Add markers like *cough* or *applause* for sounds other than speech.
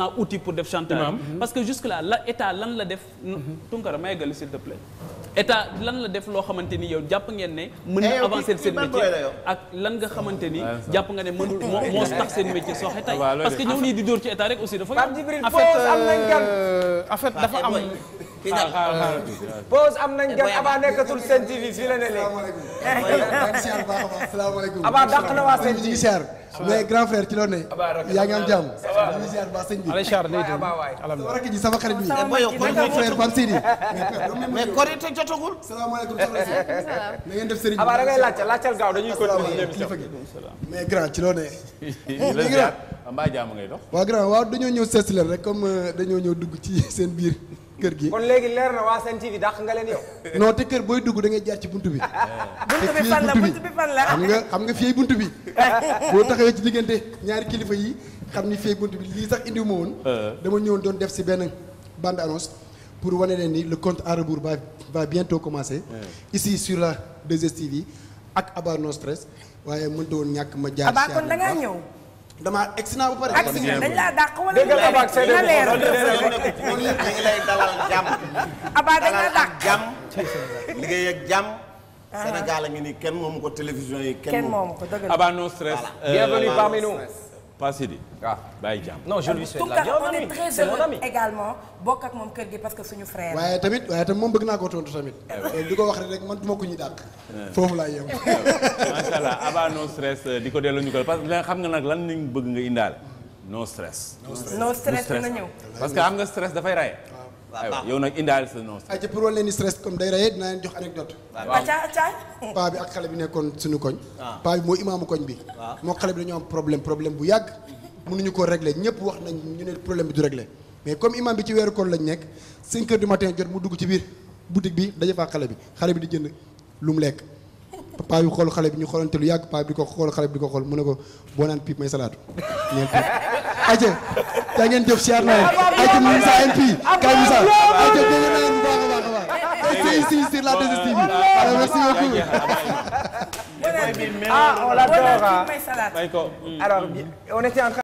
naa uti pour def chantage mm-hmm. parce que jusque là la état lan la def mm-hmm. Tunkara may eggali s'il te état lan la def loo xamante ni yow jàpp ngeen ne mën na eh, avancer seen métier ak lan nga xamante ni ah, jàpp nga ne mënul moo *laughs* moo tax seen métier sooxe tey ah, parce que ñëw nii di dóor ci état rek aussi dafa en fait dafa ah, eh, am fii nag pause ah, ah, ah. am nañ gan eh, Abba nekkatul Sen TV fii la ne léegi. salaamaaleykum Abba dàq na waa grand frère ci loo ne. yaa ngi am jàmm. ñu ngi ziar baax sëñ bi. alhamdulilah rakk ji sama xarit bi. grand eh, frère Pape Sidi. mais korite jotagul. salaamaaleykum na ngeen def sëriñ da ngay laajte grand ci loo ne. *laughs* grand waaw dañoo ñëw rek comme euh, dañoo ñëw dugg ci *laughs* seen biir. kër gi kon léegi leer na waa Sen TV dàq nga leen yow. non te kër booy dugg da ngay jaar ci bunt *laughs* bi. buntu bi fan la bi fan la xam nga xam nga fii buntu bi *laughs* boo taxawee ci diggante ñaari kilifa yi xam ni fii buntu bi lii sax indiwu ma woon. *laughs* Euh. dama ñëw doon def si benn bande annonce pour wane leen ni le compte à rebours va va bientôt commencer. Euh. ici sur la 2STV ak Aba Stress waaye mënta woon ñàkk ma jaar. si kon da ñëw. damaa egsi naa ba pare. kon bien dañ laa dàq wala dégg nga Aba Seydou ñu ngi lay dalal jàmm. Aba dañ la dàq jàmm. liggéey ak jàmm. Ah. ngi ni kenn moomu ko télévision yi. kenn moomu ko dëgg la Aba no stress. Euh, bienvenue Pas Sidi. waaw ah. bàyyi jàmm. non je lui souhaite la bienvenue. on est bokk ak moom kër gi parce que suñu frère. waaye tamit waaye tamit moom bëgg naa ko tontu tamit. Eh di ko wax rek man duma ko ñu dàq. Eh. foofu laa yem. *laughs* macha allah Aba no stress euh, di ko delloo ñu ko parce que xam nga nag lan lañ bëgg nga indaale. no stress. no stress no na ñëw. parce que xam nga stress dafay raye. waaw yow nag indaale non. ayca pour wàllu leen ni stress comme day rayé dinaa leen jox anecdote. paa bi ak xale bi nekkoon suñu koñ. Ah. paa bi mooy imaamu koñ bi. waaw moo xale bi dañoo am problème problème bu yàgg. mënuñu koo régler ñëpp wax nañ ñu ne problème bi du régler mais comme imam bi ci weeru koor lañu nekk 5 heures du matin jot mu dugg ci biir boutique bi daje faa xale bi xale bi di jënd lu mu lekk. paa bi xool xale bi ñu xoolante lu yàgg paa bi di ko xool xale bi di ko xool mu ne ko boo naan pipe may salaatu *laughs* aja yaa ngeen jëf siyaar naa leen aja Moussa MP Kaay Moussa aja bëgg naa leen bu baax a baax a baax c'est ici sur la 2STV mm. mm. alors merci beaucoup ah on l'adore alors on était en train